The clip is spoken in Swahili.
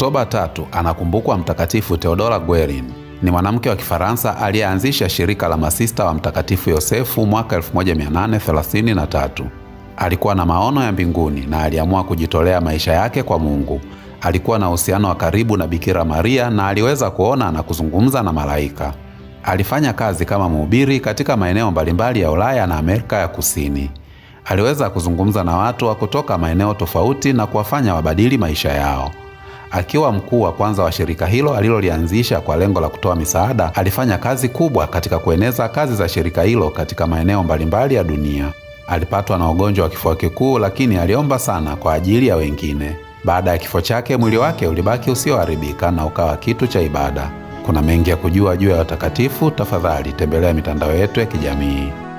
Oktoba 3 anakumbukwa Mtakatifu Theodora Guerin. Ni mwanamke wa Kifaransa aliyeanzisha shirika la masista wa Mtakatifu Yosefu mwaka 1833. Alikuwa na maono ya mbinguni na aliamua kujitolea maisha yake kwa Mungu. Alikuwa na uhusiano wa karibu na Bikira Maria na aliweza kuona na kuzungumza na malaika. Alifanya kazi kama mhubiri katika maeneo mbalimbali ya Ulaya na Amerika ya Kusini. Aliweza kuzungumza na watu wa kutoka maeneo tofauti na kuwafanya wabadili maisha yao. Akiwa mkuu wa kwanza wa shirika hilo alilolianzisha kwa lengo la kutoa misaada, alifanya kazi kubwa katika kueneza kazi za shirika hilo katika maeneo mbalimbali ya dunia. Alipatwa na ugonjwa wa kifua kikuu, lakini aliomba sana kwa ajili ya wengine. Baada ya kifo chake, mwili wake ulibaki usioharibika na ukawa kitu cha ibada. Kuna mengi ya kujua juu ya watakatifu. Tafadhali tembelea mitandao yetu ya kijamii.